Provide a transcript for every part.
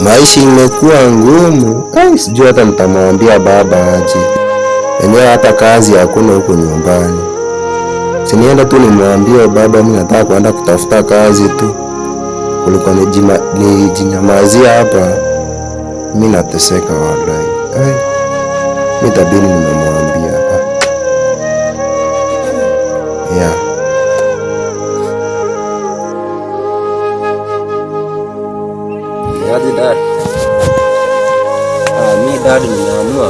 Maisha imekuwa ngumu, sijui hata mtamwambia baba aje. Enyewe hata kazi hakuna huko nyumbani, sinienda tu nimwambie baba, mimi nataka kuenda kutafuta kazi tu, kuliko nijinyamazia hapa. Mimi nateseka wallahi, tabini nimemwona Aje dad. Ah, mimi dad nimeamua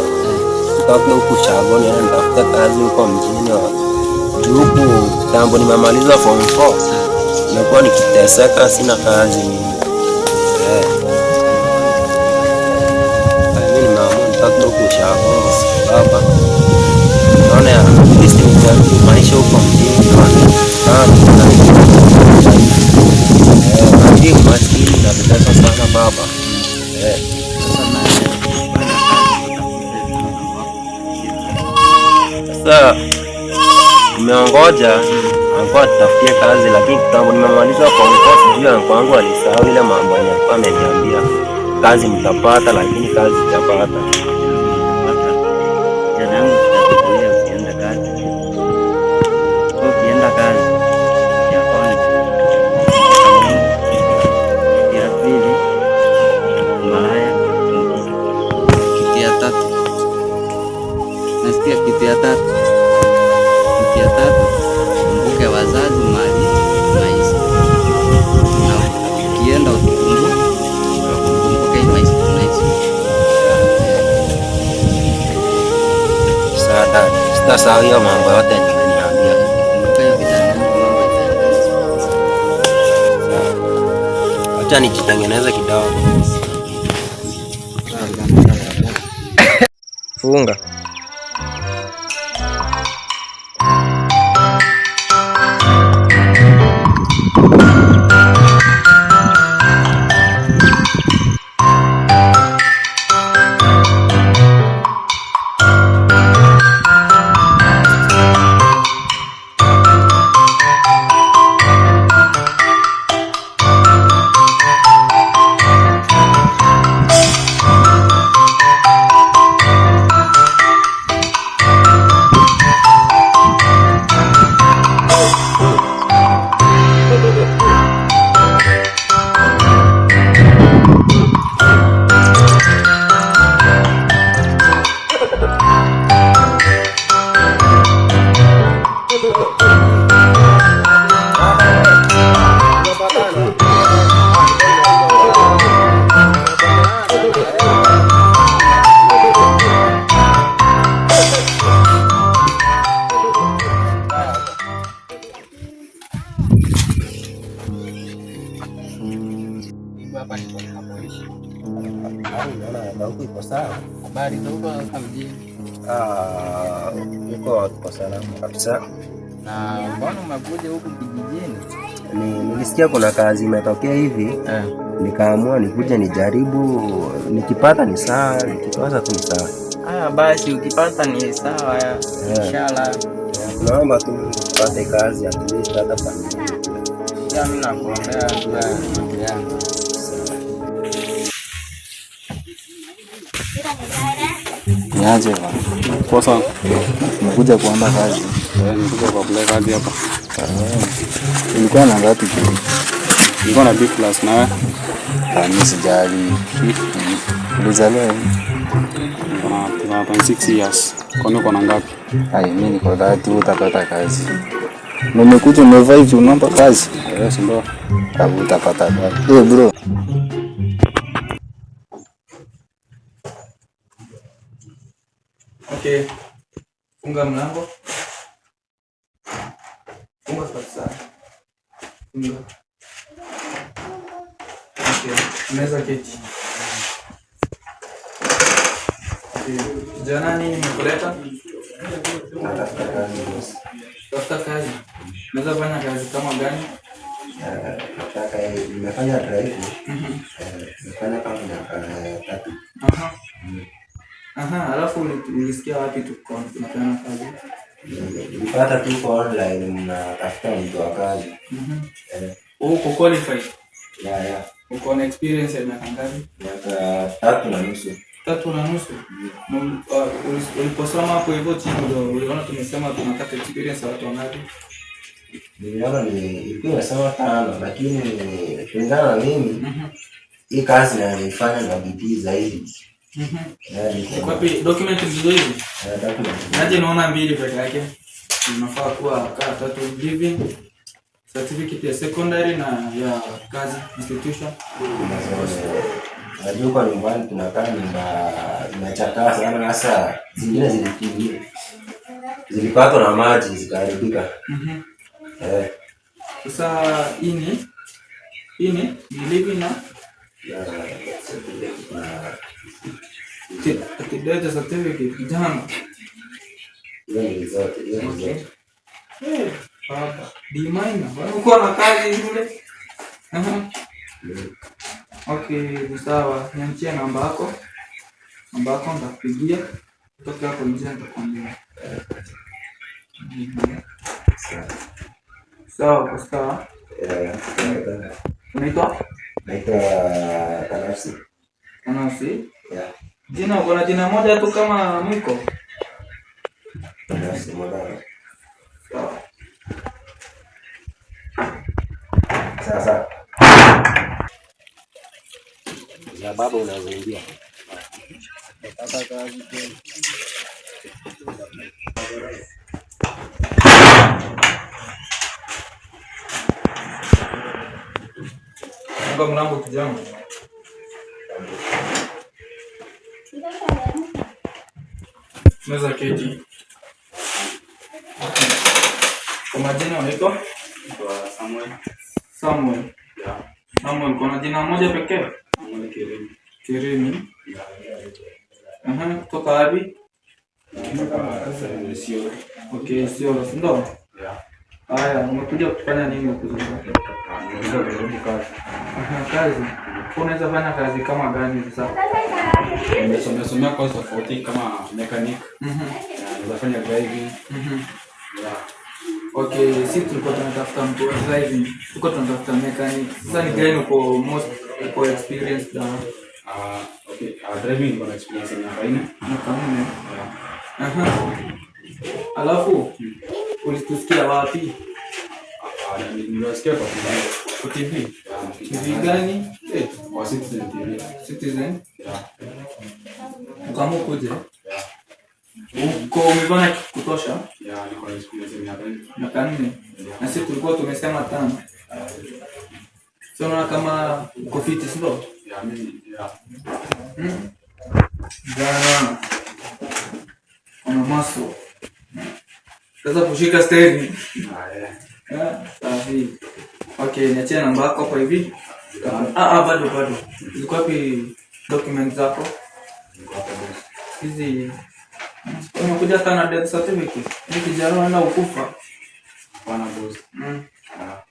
nitakuja huku Chagoni na nitafuta kazi huko mjini. Huku tambo nimemaliza form 4. Nimekuwa nikiteseka sina kazi eh. Ah, mimi. Eh. Mimi nimeamua huku Chagoni baba. Naona ya, sisi ni maisha huko mjini. Ah, mmoja alikuwa tutafutia kazi, lakini kitambo nimemaliza kwa mkoa, ya sijui alikuwangu alisahau ile mambo yenye alikuwa ameniambia, kazi mtapata, lakini kazi itapata ya kitu ya tatu ya tatu, kumbuke wazazi, mali, maisha. Na ukienda ukikumbuka, ukumbuke maisha tunaishi. Sasa sasa hiyo mambo yote Acha nijitengeneze kidogo. Funga. habari tu Iko sawa? Habari za huko hapa mjini? tuko ah, salama kabisa. Na mbona umekuja huku kijijini? Ni nilisikia kuna kazi imetokea hivi eh, nikaamua nikuja nijaribu, nikipata ni sawa, nikikosa tu ni sawa. Ah, basi ukipata ni sawa eh. tu tupate kazi ya hata familia. Mimi nakuombea dua eh, yangu. Niaje ba. Kosa nikuja nimekuja kuomba kazi. Wewe eh, nimekuja kwa kule kazi hapa. Eh. Nilikuwa na ngapi kile? Nilikuwa na B plus na wewe? Ah, mimi sijali. Ulizaliwa lini? Na 6 years. Kwa nini uko na ngapi? Ah, mimi niko na 30 utapata kazi. Nimekuja umevaa hivi unaomba kazi? Yes, eh, ndio. Utapata kazi. Eh, bro. Niweke funga mlango, funga kabisa, funga. Okay, Meza keti. Kijana, nini nimekuleta? Tafuta kazi. Unaweza fanya kazi kama gani? Nimefanya drive, mhm. eh, nimefanya kama miaka tatu. Aha, alafu ulisikia wapi tunafanya kazi? Nilipata tu kwa online mnatafuta mtu wa kazi. Mhm. Eh. Oh, uko qualified? Ya ya. Uko na experience ya miaka ngapi? Miaka tatu na nusu. Tatu na nusu? Mm. Uh, uliposoma hapo hivyo chini ndio uliona tumesema tunataka experience ya watu wangapi? Niliona ni ilikuwa nasema tano, lakini kulingana na mimi mhm. hii kazi naifanya na bidii zaidi. Mhm. Document hizo hizi. Eh, Naje naona mbili peke yake. Inafaa kuwa kaa tatu hivi. Certificate ya secondary na ya kazi institution. Najua kwa nyumbani tunakaa nyumba inachakaa sana hasa zingine zilikimbia. Zilipatwa na maji zikaharibika. Mhm. Eh. Sasa hii ni hii ni living na kidete certificate kijana uko na kazi shule. Okay, sawa, niandikie namba yako, namba yako nitakupigia kutoka hapo nje, nitakwambia sawa. Unaitwa? naitwa Kanafsi. Kanafsi? Ya. Jina uko na jina moja tu kama mwiko. Kanafsi Mwandara. Sawa. Sasa. Ya baba unazoingia. Sasa kazi. Funga mlango kijana. Meza keti. Kwa majina unaitwa? Samuel. Samuel. Yeah. Samuel, kuna jina moja pekee? Samuel Kirimi. Kirimi. Aha, kutoka wapi? Kutoka Isiolo. Okay, Isiolo, ndio? Yeah. Haya, umekuja kufanya nini? Kazi. Unaweza fanya kazi kama gani sasa? Nimesomea somea kwa tofauti kama mechanic. Mhm. Naweza fanya driving. Mhm. Okay, sisi tulikuwa tunatafuta mtu wa driving. Tuko tunatafuta mechanic. Sasa ni gani uko most uko experience na? Ah, okay. Ah, driving kwa experience ni haina. Aha. Alafu hmm. Ulitusikia wapi? Nasikia kwa TV. TV gani? Eh, kwa Citizen TV. Citizen? Ukamu kuje? Uko umevana kutosha? Miaka nne. Na sisi tulikuwa tumesema tano. Sio, unaona kama uko fiti, sio? Hmm? Jana. Ana maso. Sasa kushika Ah, Safi. Eh. Ah, okay, niachie namba yako hapo hivi. Ah ah, bado bado. Ziko wapi documents zako? Hizi unakuja sana death certificate. Hiki jaro na ukufa. Bwana boss. Mm. Ah.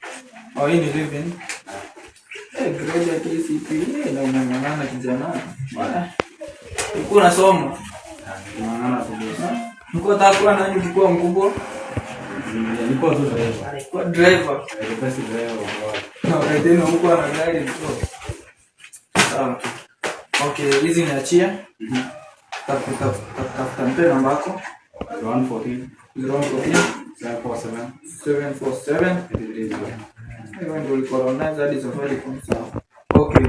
Oh, hii ni living. Ah. Eh, grade ya KCP. Eh, na unang'ang'ana kijana. Bwana. Uko unasoma? Ah, unang'ang'ana tu boss. Niko takuwa nani ulikuwa mkubwa? Nilikuwa tu driver. Alikuwa driver. Alikuwa si driver Na ana gari mko. Sawa. Okay, hizi niachia. Mhm. Tafuta tafuta mpe namba yako. 114 747 Okay.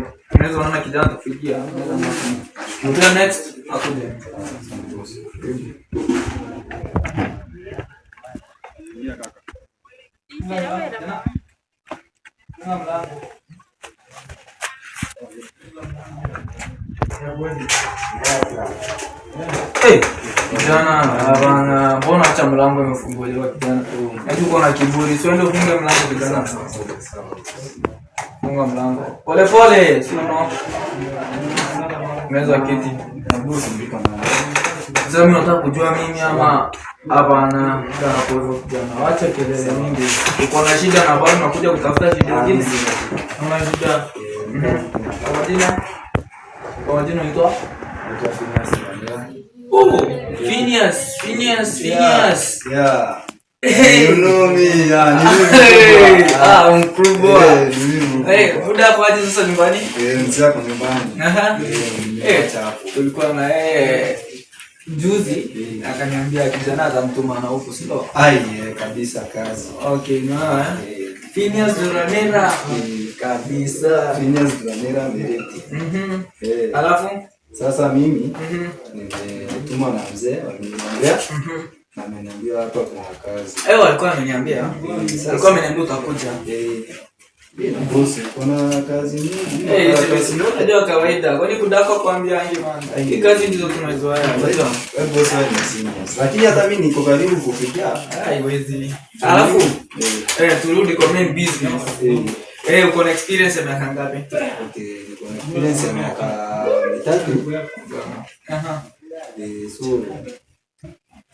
Kijana bana, mbona acha mlango umefunguliwa kijana? Yaani uko na kiburi, siende ufunge mlango kijana. Funga mlango pole pole, sio meza kiti. Zami nataka kujua mimi ama hapana, hivyo kijana, Acha kelele mingi. Uko na shida na bado unakuja kutafuta ah, shida nyingine. Kama shida. Eh, mhm. Kwa jina. Kwa jina unaitwa? Oh, Phineas, Phineas, Phineas. Yeah. You know me, yeah. Ah, mkubwa. Eh, muda kwa ajili sasa nyumbani? Eh, nyumbani. Eh, eh na eh Juzi akaniambia kijana za mtu maana huko sio? Ai kabisa kazi. Okay, na eh? Phineas Duranera kabisa. Phineas Duranera Mereti. Mhm. Alafu sasa mimi mm-hmm. nimetumwa na mzee waliniambia mm-hmm. na ameniambia hapa kuna kazi. Eh, walikuwa wameniambia. Walikuwa wameniambia utakuja. Kuna kazi nyingi. Eh, Unajua kawaida. Kwani kudaka kuambia hiyo mambo. Kazi ndizo tunazoea. Lakini hata mimi niko karibu kufikia. Ah, haiwezi. Alafu eh. eh, turudi kwa main business. Eh. eh, uko na experience ya miaka ngapi? Okay, niko na experience ya miaka mitatu. Aha. Eh, so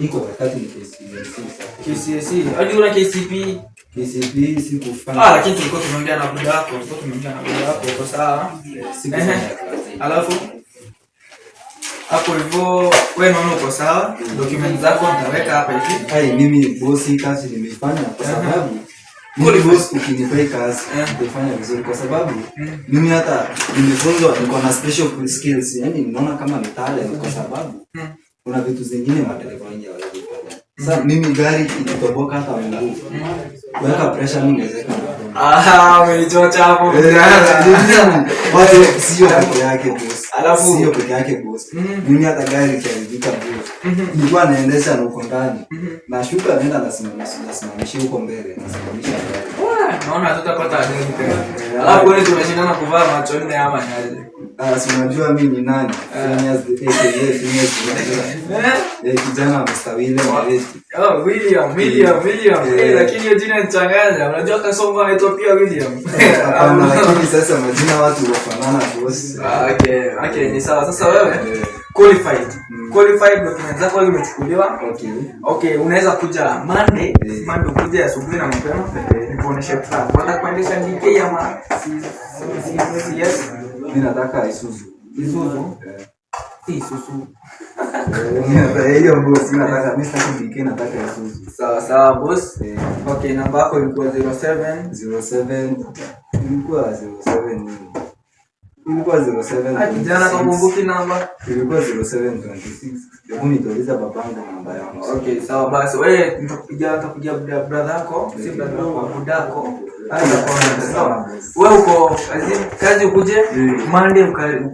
iko wakati ni KCSE. E. Hadi una KCP. Ah, lakini tulikuwa tumeongea na buda yako, tulikuwa tumeongea na buda yako kwa sawa. Alafu hapo hivyo wewe naona uko sawa, document zako nitaweka hapa hivi. Hai, mimi bosi kazi nimefanya kwa sababu Kuli boss ukinipa kazi nitafanya vizuri kwa sababu mimi hata nimefunzwa niko na special skills, yani ninaona kama ni talent kwa sababu kuna vitu zingine madereva wengi hawajui. Sasa mimi gari ikitoboka hata mguu weka pressure, mimi naweza eh, eh, eh, sio peke yake boss, sio peke yake boss. Mhm. Mimi hata gari mhm. nilikuwa naendesha na uko ndani mhm. na shuka, naenda nasimamisha, huko mbele, nasimamisha gari. Naona alafu wewe kuvaa macho nne ama nyaje Ah, si unajua mimi ni nani? Kijana amestawile mwalisti. Oh, William, William, William. Eh, lakini hiyo jina nichanganya. Unajua kasongo anaitwa pia William. Hapana, lakini sasa majina watu wafanana boss. Ah, okay. Okay, ni sawa. Sasa wewe qualified. Qualified documents zako zimechukuliwa. Okay. Okay, unaweza kuja Monday, Monday ukuje asubuhi na mapema. Nikuoneshe plan. Unataka kuendesha DK ama CS? mimi nataka Isuzu. Isuzu? Eh. Si Isuzu. Eh, hiyo boss, mimi nataka mimi sitaki BK nataka Isuzu. Sawa sawa boss. Eh. Okay, namba yako ilikuwa 07 07 ilikuwa 07 Ilikuwa 07. Hadi kumbuki namba. Ilikuwa 0726. Hebu nitauliza babangu namba yangu. Okay, sawa basi. Wewe nitakupigia nitakupigia brother yako, si brother yako, budako. Wewe uko kazi ukuje hmm. Monday uko karibu,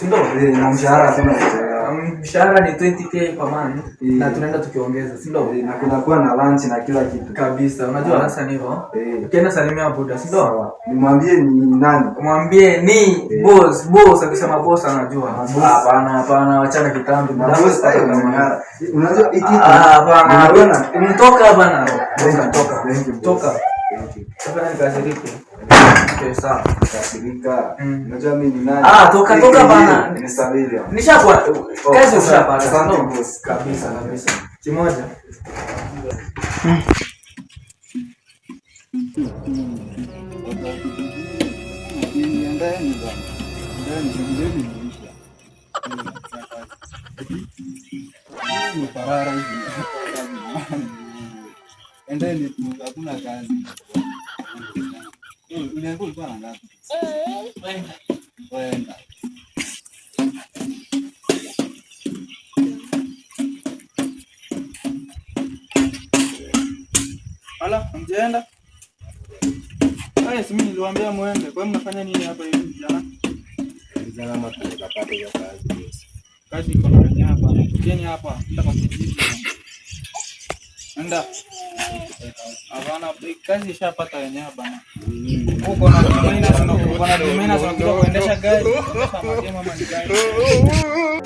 si ndio? Hmm. Na mshahara sema hmm. mshahara ni 20k per month na tunaenda tukiongeza, si ndio? Na kuna kuwa na lunch na kila kitu kabisa. Unajua hasa ni hivyo. Ukienda salimia buda, si ndio? Nimwambie ni nani? Mwambie ni boss, boss akisema boss anajua. Ah, hapana, hapana, wachana kitambi. Na boss Unajua ikitoka. Ah, hapana, mtoka bana. Toka. Toka. Mm. Ah, toka toka bana. Nishakuwa oh, kazi ushapata. Asante boss. Kabisa kabisa. Kimoja. Hmm. Endeni tu, hakuna kazi. Uliangu ulikuwa na mimi niliwaambia muende. Kwa hiyo mnafanya nini hapa hivi vijana? Vijana mtu kapata hiyo kazi. Kazi iko hapa. Tukeni hapa. Tutapata Anda. Habana kazi ishapata wenyewe bana. Huko na mimi na kuna na mimi na kuendesha gari. Mama